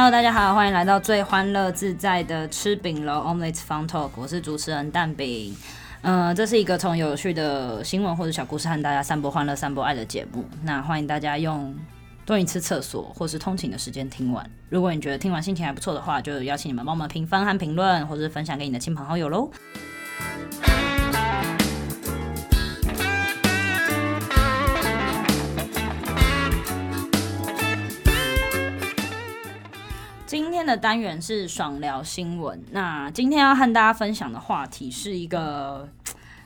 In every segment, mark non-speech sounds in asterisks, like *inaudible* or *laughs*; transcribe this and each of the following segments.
Hello，大家好，歡迎來到最歡樂自在的吃餅樓 Omelet Fun Talk。我是主持人蛋餅，嗯、呃，這是一個從有趣的新聞或者小故事和大家散播歡樂、散播愛的節目。那歡迎大家用蹲一次廁所或是通勤的時間聽完。如果你覺得聽完心情還不錯的話，就邀請你們幫我們評分和評論，或是分享給你的親朋好友嘍。的單元是爽聊新聞。那今天要和大家分享的話題是一個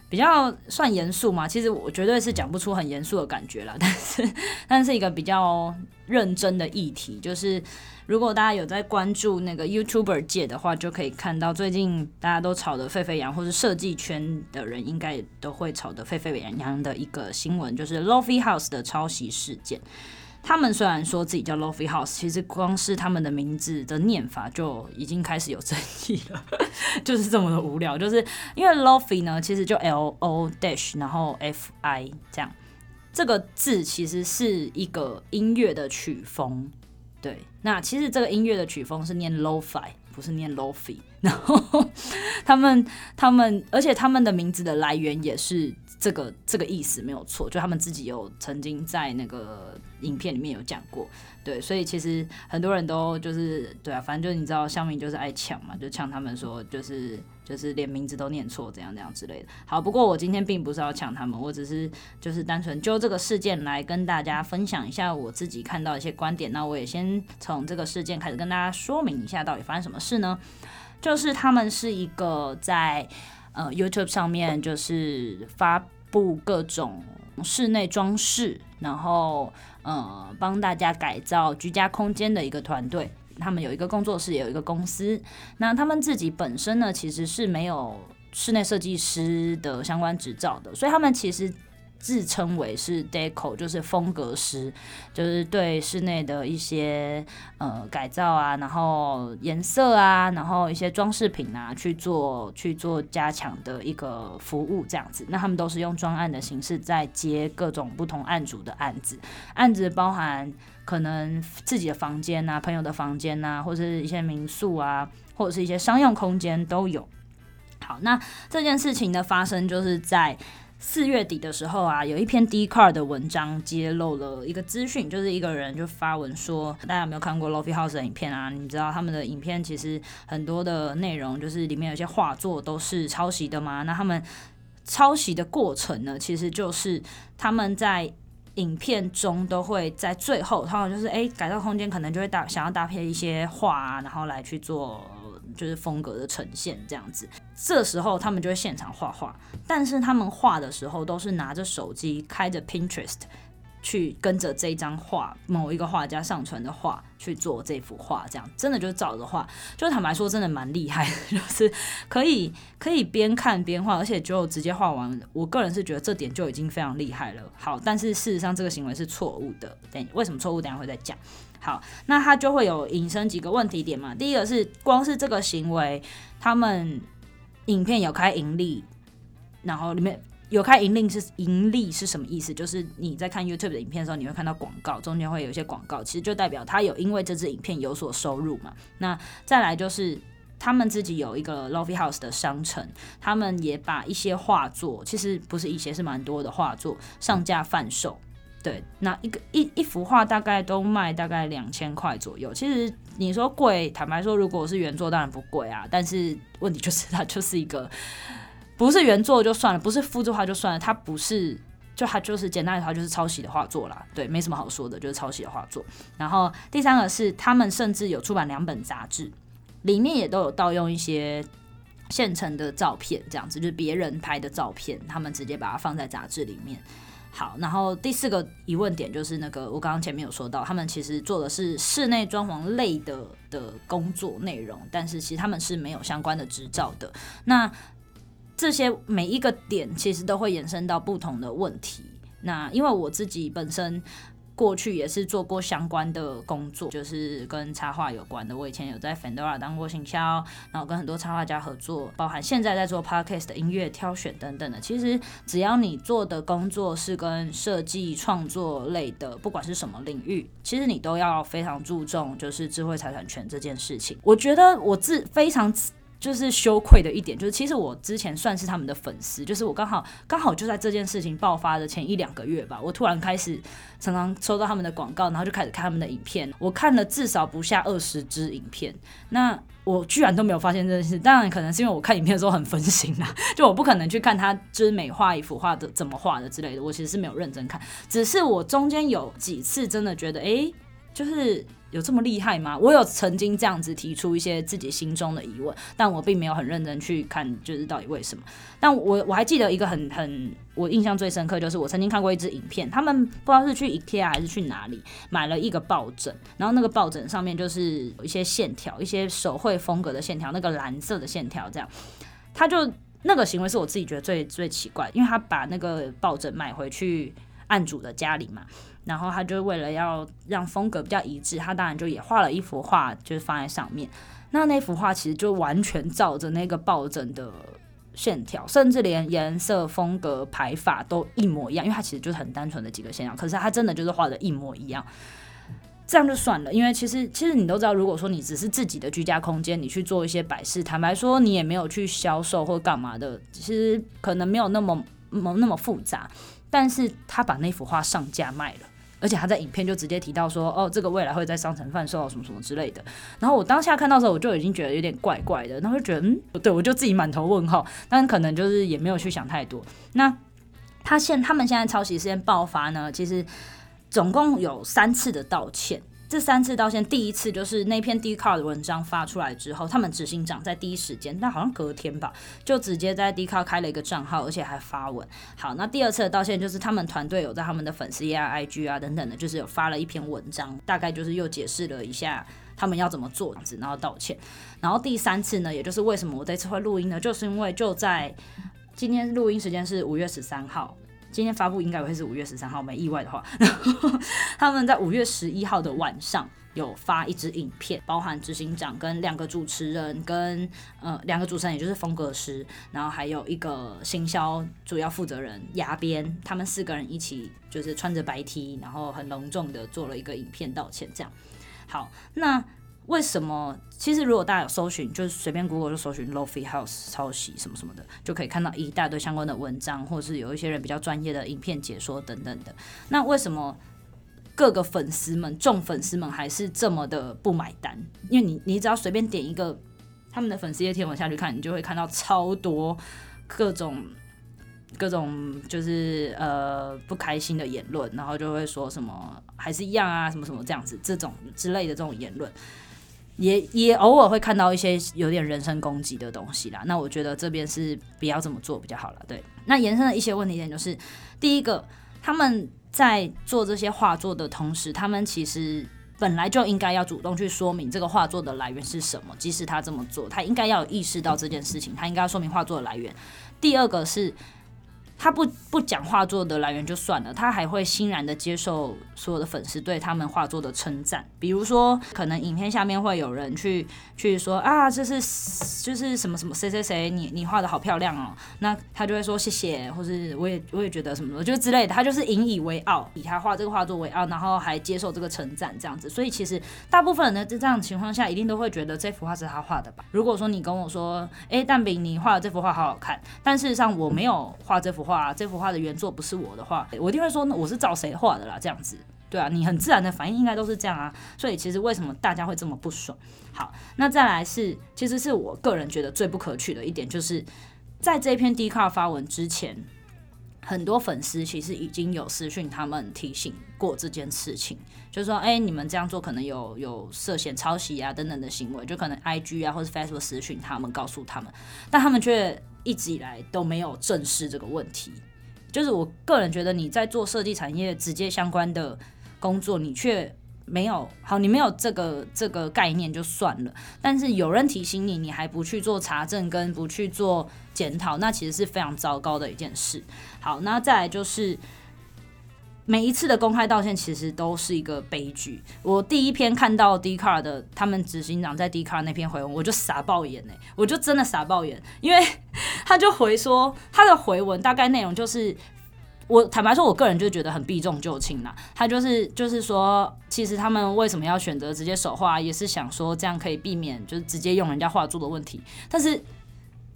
比較算嚴肅嘛，其實我絕對是講不出很嚴肅的感覺了，但是但是，一個比較認真的議題，就是如果大家有在關注那個 YouTuber 界的話，就可以看到最近大家都吵得沸沸揚，或是設計圈的人應該都會吵得沸沸揚揚的一個新聞，就是 Lo-Fi House 的抄襲事件。他們雖然說自己叫 Lo-Fi House，其實光是他們的名字的念法就已經開始有爭議了， *laughs* 就是這麼的無聊。就是因為 Lo-Fi 呢，其實就 L-O-DASH 然後 F-I 這樣，這個字其實是一個音樂的曲風。對，那其實這個音樂的曲風是念 Lo-Fi，不是念 Lo-Fi。然後他們他們，而且他們的名字的來源也是這個這個意思，沒有錯。就他們自己有曾經在那個。影片裡面有講過，對，所以其實很多人都就是對啊，反正就是你知道，鄉民就是愛搶嘛，就搶他們說，就是就是連名字都念錯，怎樣怎樣之類的。好，不過我今天並不是要搶他們，我只是就是單純就這個事件來跟大家分享一下我自己看到一些觀點。那我也先從這個事件開始跟大家說明一下，到底發生什麼事呢？就是他們是一個在呃 YouTube 上面就是發布各種室內裝飾，然後。呃、嗯，幫大家改造居家空間的一個團隊，他們有一個工作室，也有一個公司。那他們自己本身呢，其實是沒有室內設計師的相關執照的，所以他們其實。自稱為是，deco 就是風格師，就是對室內的一些呃改造啊，然後顏色啊，然後一些裝飾品啊，去做去做加強的一個服務這樣子。那他們都是用專案的形式在接各種不同案主的案子，案子包含可能自己的房間啊、朋友的房間啊，或者是一些民宿啊，或者是一些商用空間都有。好，那這件事情的發生就是在。四月底的時候啊，有一篇 Dcard 的文章揭露了一個資訊，就是一個人就發文說，大家有沒有看過 Lo-Fi House 的影片啊？你知道他們的影片其實很多的內容，就是裡面有些畫作都是抄襲的嗎？那他們抄襲的過程呢，其實就是他們在影片中都會在最後，他們就是哎、欸、改造空間，可能就會搭想要搭配一些畫，啊，然後來去做。就是風格的呈現這樣子，這時候他們就會現場畫畫，但是他們畫的時候都是拿着手機開着 Pinterest，去跟着這張畫某一個畫家上傳的畫去做這幅畫，這樣真的就是照着畫，就坦白說真的蠻厲害，就是可以可以邊看邊畫，而且就直接畫完。我個人是覺得這點就已經非常厲害了。好，但是事實上這個行為是錯誤的。等為什麼錯誤，等下會再講。好，那他就會有引申幾個問題點嘛。第一個是光是這個行為，他們影片有開盈利，然後裡面有開盈利。是盈利是什麼意思？就是你在看 YouTube 的影片的時候，你會看到廣告，中間會有一些廣告，其實就代表他有因為這支影片有所收入嘛。那再來就是他們自己有一個 Lo-Fi House 的商城，他們也把一些畫作，其實不是一些，是蠻多的畫作上架販售。對，那一個一一幅畫大概都賣大概兩千塊左右。其實你說貴，坦白說，如果我是原作當然不貴啊。但是問題就是它就是一個不是原作就算了，不是複製畫就算了，它不是就它就是簡單的話就是抄襲的畫作啦。對，沒什麼好說的，就是抄襲的畫作。然後第三個是他們甚至有出版兩本雜誌，裡面也都有盜用一些現成的照片，這樣子就是別人拍的照片，他們直接把它放在雜誌裡面。好，然後第四個疑問點就是那個，我剛剛前面有說到，他們其實做的是室內裝潢類的的工作內容，但是其實他們是沒有相關的執照的。那這些每一個點其實都會延伸到不同的問題。那因為我自己本身。過去也是做過相關的工作，就是跟插畫有關的。我以前有在 Fandora 當過行銷，然後跟很多插畫家合作，包含現在在做 Podcast 的音樂挑選等等的。其實只要你做的工作是跟設計創作類的，不管是什麼領域，其實你都要非常注重就是智慧財產權這件事情。我覺得我自非常。就是羞愧的一點，就是其實我之前算是他們的粉絲，就是我剛好剛好就在這件事情爆發的前一兩個月吧，我突然開始常常收到他們的廣告，然後就開始看他們的影片，我看了至少不下二十支影片，那我居然都沒有發現這件事。當然，可能是因為我看影片的時候很分心啦、啊，就我不可能去看他就是每畫一幅畫的怎麼畫的之類的，我其實是沒有認真看，只是我中間有幾次真的覺得，哎、欸。就是有這麼厲害嗎？我有曾經這樣子提出一些自己心中的疑問，但我並沒有很認真去看，就是到底為什麼。但我我還記得一個很很我印象最深刻，就是我曾經看過一支影片，他們不知道是去 IKEA 還是去哪裡買了一個抱枕，然後那個抱枕上面就是有一些線條，一些手繪風格的線條，那個藍色的線條這樣。他就那個行為是我自己覺得最最奇怪，因為他把那個抱枕買回去。案主的家裡嘛，然後他就為了要讓風格比較一致，他當然就也畫了一幅畫，就是放在上面。那那幅畫其實就完全照着那個抱枕的線條，甚至連顏色、風格、排法都一模一樣，因為它其實就是很單純的幾個線條。可是他真的就是畫的一模一樣，這樣就算了。因為其實其實你都知道，如果說你只是自己的居家空間，你去做一些擺飾，坦白說你也沒有去銷售或幹嘛的，其實可能沒有那麼沒那麼複雜。但是他把那幅畫上架賣了，而且他在影片就直接提到說，哦，這個未來會在商城販售啊，什麼什麼之類的。然後我當下看到的時候，我就已經覺得有點怪怪的，然後就覺得，嗯，對，我就自己滿頭問號。但可能就是也沒有去想太多。那他現他們現在抄襲事件爆發呢，其實總共有三次的道歉。這三次道歉，第一次就是那篇 Dcard 的文章發出來之後，他們執行長在第一時間，那好像隔天吧，就直接在 Dcard 開了一個賬號，而且還發文。好，那第二次的道歉就是他們團隊有在他們的粉絲頁啊、IG 啊等等的，就是有發了一篇文章，大概就是又解釋了一下他們要怎麼做，然後道歉。然後第三次呢，也就是為什麼我這次會錄音呢？就是因為就在今天，錄音時間是五月十三號。今天發佈應該會是五月十三號，沒意外的話。然後他們在五月十一號的晚上有發一支影片，包含執行長跟兩個主持人，跟呃兩個主持人也就是風格師，然後還有一個行銷主要負責人牙編，他們四個人一起就是穿着白 T，然後很隆重的做了一個影片道歉，這樣。好，那。為什麼？其實如果大家有搜尋，就是隨便 Google 就搜尋 Lo-Fi house 抄襲什麼什麼的，就可以看到一大堆相關的文章，或是有一些人比較專業的影片解說等等的。那為什麼各個粉絲們、眾粉絲們還是這麼的不買單？因為你，你只要隨便點一個他們的粉絲頁貼文下去看，你就會看到超多各種各種就是呃不開心的言論，然後就會說什麼還是一樣啊，什麼什麼這樣子，這種之類的這種言論。也也偶爾會看到一些有點人身攻擊的東西啦，那我覺得這邊是不要這麼做比較好了。對，那延伸的一些問題點就是，第一個，他們在做這些畫作的同時，他們其實本來就應該要主動去說明這個畫作的來源是什麼。即使他這麼做，他應該要有意識到這件事情，他應該要說明畫作的來源。第二個是。他不不講畫作的來源就算了，他還會欣然的接受所有的粉絲對他們畫作的稱讚。比如說，可能影片下面會有人去去說啊，這是就是什麼什麼誰誰誰，你你畫的好漂亮哦。那他就會說謝謝，或是我也我也覺得什麼就之類的，他就是引以為傲，以他畫這個畫作為傲，然後還接受這個稱讚這樣子。所以其實大部分呢，在這樣情況下，一定都會覺得這幅畫是他畫的吧。如果說你跟我說，哎、欸、蛋餅你畫的這幅畫好好看，但事實上我沒有畫這幅畫。啊這幅畫的原作不是我的話，我一定會說那我是照誰畫的啦，這樣子，對啊，你很自然的反應應該都是這樣啊。所以其實為什麼大家會這麼不爽？好，那再來是，其實是我個人覺得最不可取的一點，就是在這篇 Dcard 發文之前，很多粉絲其實已經有私訊他們提醒過這件事情，就是說哎，你們這樣做可能有有涉嫌抄襲啊等等的行為，就可能 IG 啊或者 Facebook 私訊他們告訴他們，但他們卻。一直以來都沒有正視這個問題，就是我個人覺得你在做設計產業直接相關的工作，你卻沒有，好，你沒有這個這個概念就算了，但是有人提醒你，你還不去做查證跟不去做檢討，那其實是非常糟糕的一件事。好，那再來就是，每一次的公開道歉其實都是一個悲劇。我第一篇看到 Dcard 的他們執行長在 Dcard 那篇回文，我就傻爆眼呢、欸，我就真的傻爆眼，因為他就回說，他的回文大概內容就是，我坦白說，我個人就覺得很避重就輕啦。他就是，就是說，其實他們為什麼要選擇直接手畫，也是想說這樣可以避免就是直接用人家畫作的問題，但是。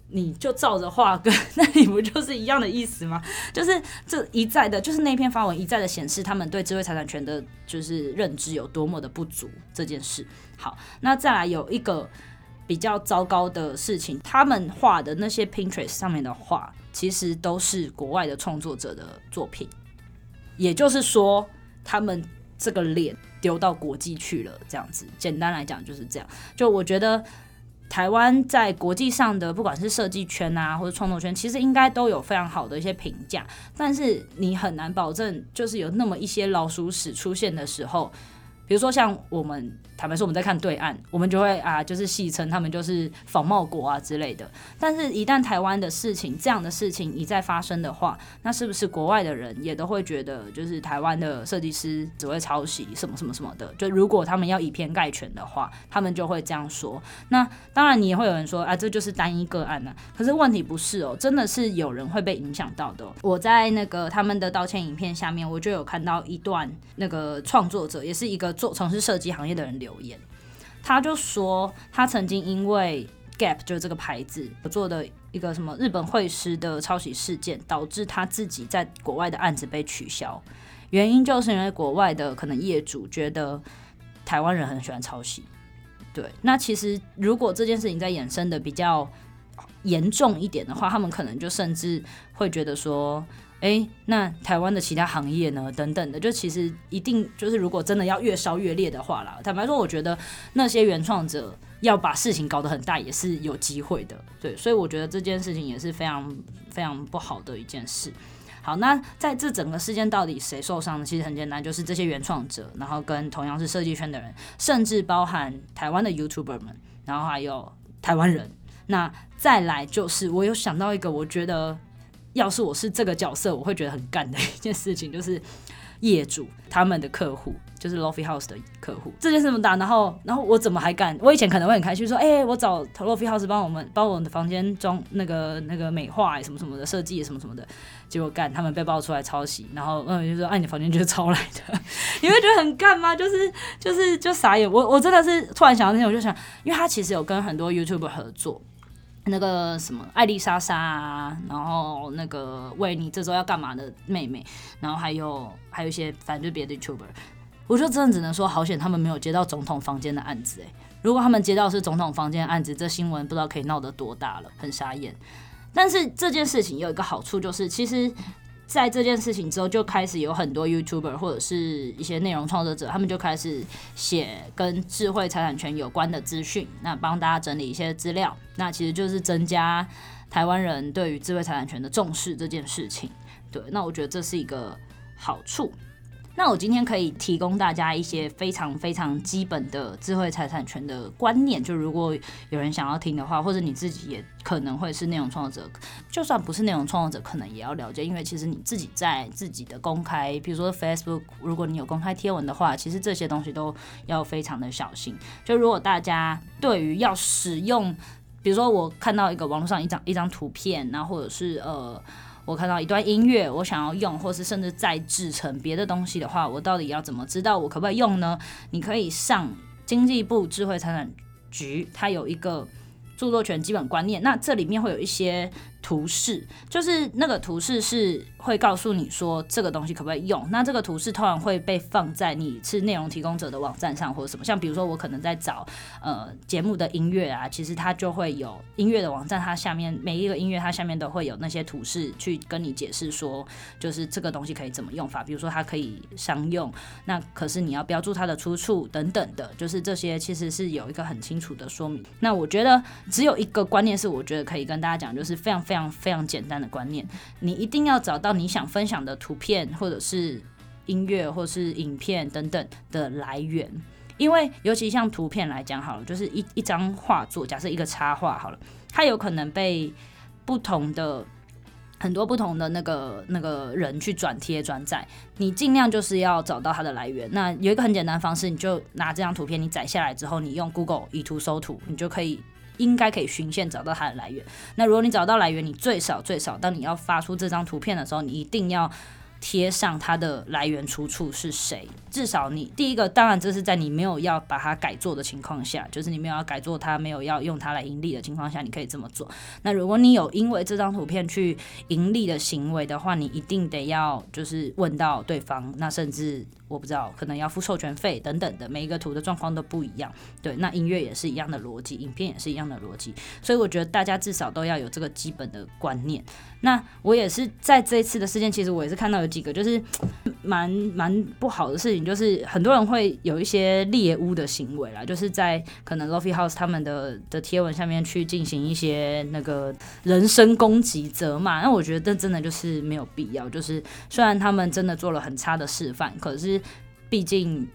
你就照着畫，跟那你不就是一樣的意思嗎？就是這一再的，就是那篇發文一再的顯示他們對智慧財產權的，就是認知有多麼的不足這件事。好，那再來有一個比較糟糕的事情，他們畫的那些 Pinterest 上面的畫，其實都是國外的創作者的作品，也就是說，他們這個臉丟到國際去了，這樣子。簡單來講就是這樣。就我覺得。台灣在國際上的不管是設計圈啊，或者創作圈，其實應該都有非常好的一些評價。但是你很難保證，就是有那麼一些老鼠屎出現的時候，比如說像我們。坦白說，我們在看對岸，我們就會啊，就是戲稱他們就是仿冒國啊之類的。但是，一旦台灣的事情，這樣的事情一再發生的話，那是不是國外的人也都會覺得，就是台灣的設計師只會抄襲什麼什麼什麼的？就如果他們要以偏概全的話，他們就會這樣說。那當然，你也會有人說啊，這就是單一個案呢啊。可是問題不是哦喔，真的是有人會被影響到的喔。我在那個他們的道歉影片下面，我就有看到一段那個創作者，也是一個做從事設計行業的人留留言，他就說他曾經因為 Gap 就是這個牌子，合作的一個什麼日本繪師的抄襲事件，導致他自己在國外的案子被取消，原因就是因為國外的可能業主覺得台灣人很喜歡抄襲。對，那其實如果這件事情在衍生的比較嚴重一點的話，他們可能就甚至會覺得說。哎、欸，那台灣的其他行業呢？等等的，就其實一定就是，如果真的要越燒越烈的話啦，坦白說，我覺得那些原創者要把事情搞得很大，也是有機會的。對，所以我覺得這件事情也是非常非常不好的一件事。好，那在這整個事件到底誰受傷呢？其實很簡單，就是這些原創者，然後跟同樣是設計圈的人，甚至包含台灣的 YouTuber 們，然後還有台灣人。那再來就是，我有想到一個，我覺得。要是我是這個角色，我會覺得很幹的一件事情，就是業主他們的客戶，就是 Lo-Fi House 的客戶，這件事這麼大，然後然後我怎麼還幹？我以前可能會很開心說，哎，我找 Lo-Fi House 幫我們幫我們的房間裝那個那個美化也什麼什麼的設計什麼什麼的，結果幹他們被爆出來抄襲，然後嗯就說，哎，你房間就是抄來的，你會覺得很幹嗎？就是就是就傻眼。我我真的是突然想到那天，我就想，因為他其實有跟很多 YouTuber 合作。那個什麼愛莉莎莎啊，然後那個欸你這週要幹嘛的妹妹，然後還有還有一些反對別的 YouTuber，我就真的只能說好險他們沒有接到總統房間的案子欸。如果他們接到是總統房間的案子，這新聞不知道可以鬧得多大了，很傻眼。但是這件事情有一個好處就是其實。在這件事情之後，就開始有很多 YouTuber 或者是一些內容創作者，他們就開始寫跟智慧財產權有關的資訊，那幫大家整理一些資料，那其實就是增加台灣人對於智慧財產權的重視這件事情，對，那我覺得這是一個好處。那我今天可以提供大家一些非常非常基本的智慧財產權的觀念，就如果有人想要聽的話，或者你自己也可能會是內容創作者，就算不是內容創作者，可能也要了解，因為其實你自己在自己的公開，比如說 Facebook，如果你有公開貼文的話，其實這些東西都要非常的小心。就如果大家對於要使用，比如說我看到一個網絡上一張一張圖片，然後或者是呃。我看到一段音樂，我想要用，或是甚至再制成別的東西的話，我到底要怎麼知道我可不可以用呢？你可以上經濟部智慧財產局，它有一個著作權基本觀念，那這裡面會有一些。圖示就是那個圖示是會告訴你說，這個東西可不可以用。那這個圖示通常會被放在你是內容提供者的網站上或者什麼，像比如說我可能在找呃節目的音樂啊，其實它就會有音樂的網站，它下面每一個音樂，它下面都會有那些圖示去跟你解釋說，就是這個東西可以怎麼用法，比如說它可以商用，那可是你要標註它的出處等等的，就是這些其實是有一個很清楚的說明。那我覺得只有一個觀念是，我覺得可以跟大家講，就是非常非常。非常簡單的觀念，你一定要找到你想分享的圖片，或者是音樂，或者是影片等等的來源，因為尤其像圖片來講好了，就是一一張畫作，假設一個插畫好了，它有可能被不同的很多不同的那個那個人去轉貼轉載，你盡量就是要找到它的來源。那有一個很簡單的方式，你就拿這張圖片，你載下來之後，你用 Google 以圖搜圖，你就可以。應該可以循線找到它的來源。那如果你找到來源，你最少最少，當你要發出這張圖片的時候，你一定要。貼上它的來源出處是誰？至少你第一個，當然這是在你沒有要把它改做的情況下，就是你沒有要改做它，沒有要用它來盈利的情況下，你可以這麼做。那如果你有因為這張圖片去盈利的行為的話，你一定得要就是問到對方。那甚至我不知道，可能要付授權費等等的，每一個圖的狀況都不一樣。對，那音樂也是一樣的邏輯，影片也是一樣的邏輯。所以我覺得大家至少都要有這個基本的觀念。那我也是在這一次的事件，其實我也是看到，幾個就是蠻蠻不好的事情，就是很多人會有一些獵巫的行為啦，就是在可能 LoFi House 他們的的貼文下面去進行一些那個人身攻擊、責罵。那我覺得這真的就是沒有必要。就是雖然他們真的做了很差的示範，可是畢竟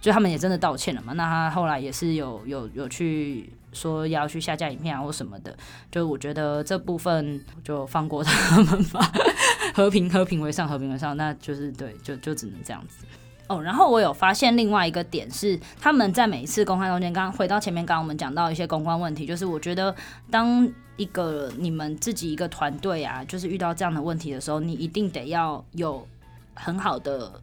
就他們也真的道歉了嘛。那他後來也是有有有去說要去下架影片啊或什麼的。就我覺得這部分就放過他們吧。 *laughs* 和平，和平為上，和平為上，那就是對，就就只能這樣子哦。然後我有發現另外一個點是，他們在每一次公開中間，剛回到前面，剛剛我們講到一些公關問題，就是我覺得當一個你們自己一個團隊啊，就是遇到這樣的問題的時候，你一定得要有很好的。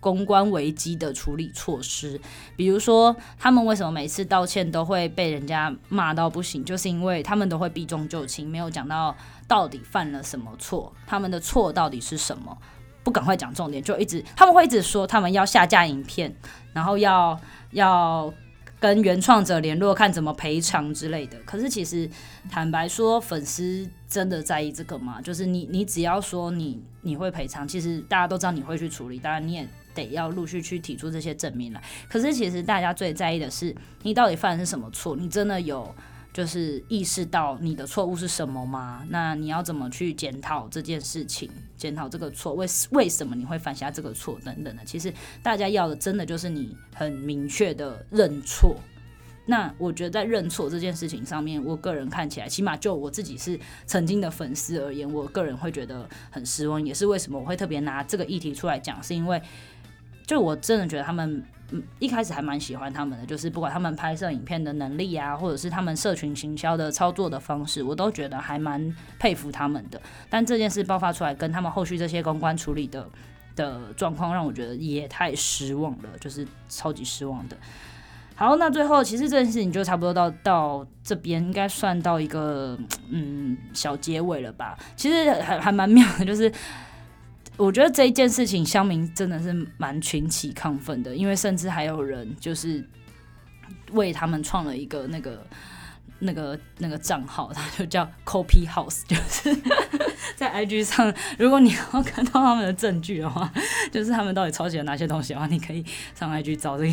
公關危機的處理措施，比如說他們為什麼每次道歉都會被人家罵到不行，就是因為他們都會避重就輕，沒有講到到底犯了什麼錯，他們的錯到底是什麼？不趕快講重點，就一直他們會一直說他們要下架影片，然後要要跟原創者聯絡，看怎麼賠償之類的。可是其實坦白說，粉絲真的在意這個嗎？就是你你只要說你你會賠償，其實大家都知道你會去處理，當然你也。得要陸續去提出這些證明來，可是其實大家最在意的是你到底犯的是什麼錯？你真的有就是意識到你的錯誤是什麼嗎？那你要怎麼去檢討這件事情？檢討這個錯，為為什麼你會犯下這個錯等等的，其實大家要的真的就是你很明確的認錯。那我覺得在認錯這件事情上面，我個人看起來，起碼就我自己是曾經的粉絲而言，我個人會覺得很失望。也是為什麼我會特別拿這個議題出來講，是因為。就我真的覺得他們，一開始還蠻喜歡他們的，就是不管他們拍攝影片的能力啊，或者是他們社群行銷的操作的方式，我都覺得還蠻佩服他們的。但這件事爆發出來，跟他們後續這些公關處理的的狀況，讓我覺得也太失望了，就是超級失望的。好，那最後其實這件事情就差不多到到這邊，應該算到一個嗯小結尾了吧。其實還還蠻妙的，就是。我覺得這一件事情，鄉民真的是蠻群起亢奮的，因為甚至還有人就是為他們創了一個那個。那個那個賬號，他就叫 Copy House，就是 *laughs* 在 IG 上。如果你要看到他們的證據的話，就是他們到底抄襲了哪些東西的話，你可以上 IG 找這個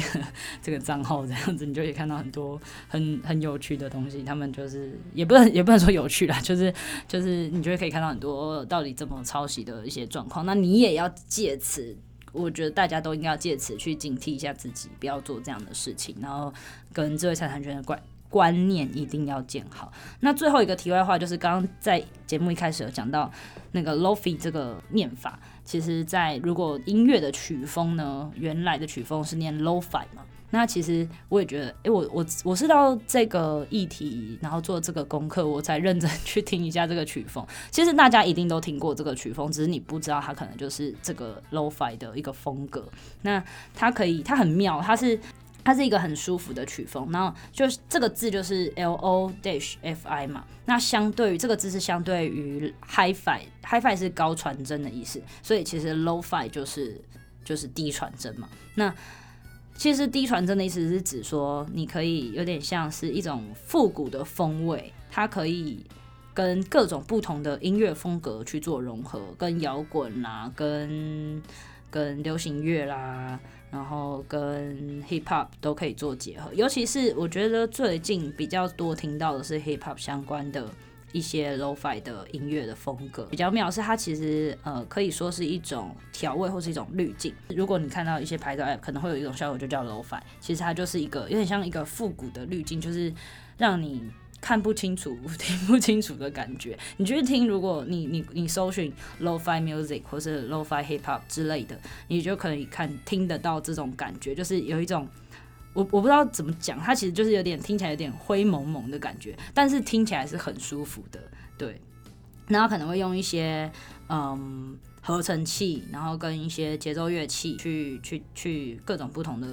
這個賬號，這樣子你就可以看到很多很很有趣的東西。他們就是也不能也不能說有趣啦，就是就是你就可以看到很多到底怎麼抄襲的一些狀況。那你也要借此，我覺得大家都應該要借此去警惕一下自己，不要做這樣的事情，然後跟智慧財產權的怪。觀念一定要建好。那最後一個題外話就是，剛剛在節目一開始有講到那個 Lo-Fi 這個念法，其實在如果音樂的曲風呢，原來的曲風是念 Lo-Fi 嘛。那其實我也覺得，哎、欸，我我我是到這個議題，然後做這個功課，我才認真去聽一下這個曲風。其實大家一定都聽過這個曲風，只是你不知道它可能就是這個 Lo-Fi 的一個風格。那它可以，它很妙，它是。它是一個很舒服的曲風，然後就這個字就是 L O dash F I 嘛，那相對於這個字是相對於 hi-fi，hi-fi 是高傳真的意思，所以其實 lo-fi 就是就是低傳真嘛。那其實低傳真的意思是指說，你可以有點像是一種復古的風味，它可以跟各種不同的音樂風格去做融合，跟搖滾啦，跟跟流行樂啦。然後跟 hip hop 都可以做結合，尤其是我覺得最近比較多聽到的是 hip hop 相關的一些 Lo-Fi 的音樂的風格。比較妙是它其實呃可以說是一種調味或是一種濾鏡。如果你看到一些拍照 app，可能會有一種效果，就叫 Lo-Fi。其實它就是一個有點像一個復古的濾鏡，就是讓你。看不清楚、聽不清楚的感覺，你就是聽，如果你你你搜尋 Lo-Fi music 或是 Lo-Fi hip hop 之類的，你就可以看聽得到這種感覺，就是有一種我我不知道怎麼講，它其實就是有點聽起來有點灰蒙蒙的感覺，但是聽起來是很舒服的。對，那可能會用一些嗯，合成器，然後跟一些節奏樂器去去去各種不同的。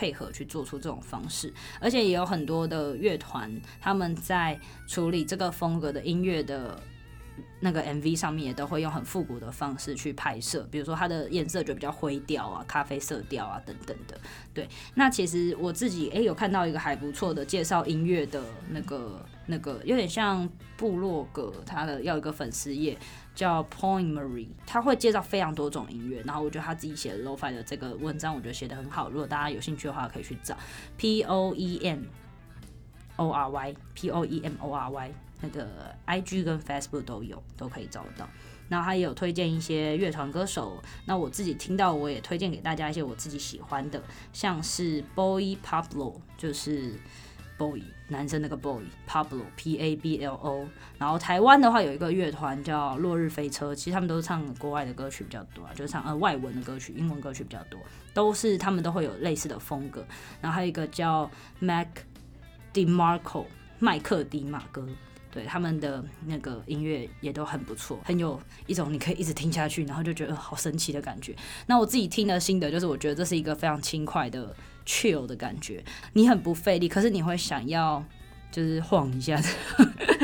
配合去做出這種方式，而且也有很多的樂團，他們在處理這個風格的音樂的那個 MV 上面，也都會用很復古的方式去拍攝，比如說它的顏色就比較灰調啊、咖啡色調啊等等的。對，那其實我自己誒、欸、有看到一個還不錯的介紹音樂的那個。那個有點像部落格，他的要一個粉絲頁叫 Poemory，他會介紹非常多種音樂。然後我覺得他自己寫的 LoFi 的這個文章，我覺得寫得很好。如果大家有興趣的話，可以去找 Poemory，Poemory -E、那個 IG 跟 Facebook 都有，都可以找得到。然後他也有推薦一些樂團歌手。那我自己聽到，我也推薦給大家一些我自己喜歡的，像是 Boy Pablo，就是。Boy，男生那個 Boy，Pablo P A B L O。然後台灣的話有一個樂團叫落日飛車，其實他們都是唱國外的歌曲比較多啊，就是唱呃外文的歌曲，英文歌曲比較多啊，都是他們都會有類似的風格。然後還有一個叫 Mac DeMarco，麥克迪馬哥，對他們的那個音樂也都很不錯，很有一種你可以一直聽下去，然後就覺得好神奇的感覺。那我自己聽的心得就是，我覺得這是一個非常輕快的。Chill 的感覺，你很不費力，可是你會想要，就是晃一下。 *laughs*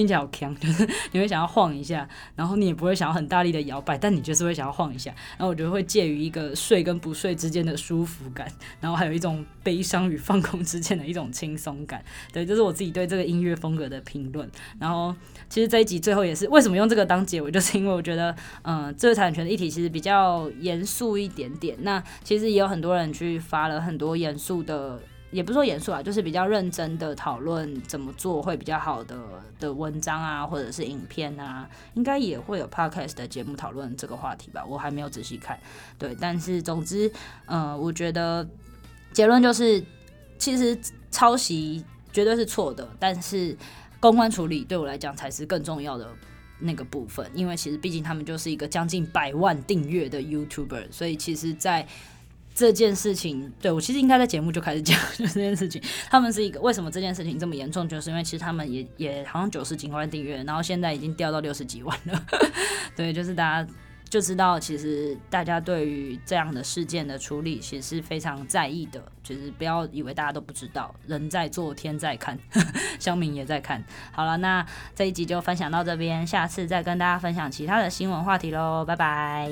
聽起來好強，就是你會想要晃一下，然後你也不會想要很大力的搖擺，但你就是會想要晃一下，然後我覺得會介於一個睡跟不睡之間的舒服感，然後還有一種悲傷與放空之間的一種輕鬆感，對，這、就是我自己對這個音樂風格的評論。然後其實這一集最後也是為什麼用這個當結尾，我就是因為我覺得，嗯、呃，知識產權的議題其實比較嚴肅一點點，那其實也有很多人去發了很多嚴肅的。也不說嚴肅啊，就是比較認真的討論怎麼做會比較好的的文章啊，或者是影片啊，應該也會有 Podcast 的節目討論這個話題吧。我還沒有仔細看，對，但是總之，嗯、呃，我覺得結論就是，其實抄襲絕對是錯的，但是公關處理對我來講才是更重要的那個部分，因為其實畢竟他們就是一個將近百萬訂閱的 YouTuber，所以其實，在這件事情，對，我其實應該在節目就開始講，就這件事情，他們是一個為什麼這件事情這麼嚴重，就是因為其實他們也也好像九十幾萬訂閱，然後現在已經掉到六十幾萬了， *laughs* 對，就是大家就知道，其實大家對於這樣的事件的處理其實是非常在意的，就是不要以為大家都不知道，人在做天在看，鄉 *laughs* 民也在看。好了，那這一集就分享到這邊，下次再跟大家分享其他的新聞話題嘍，拜拜。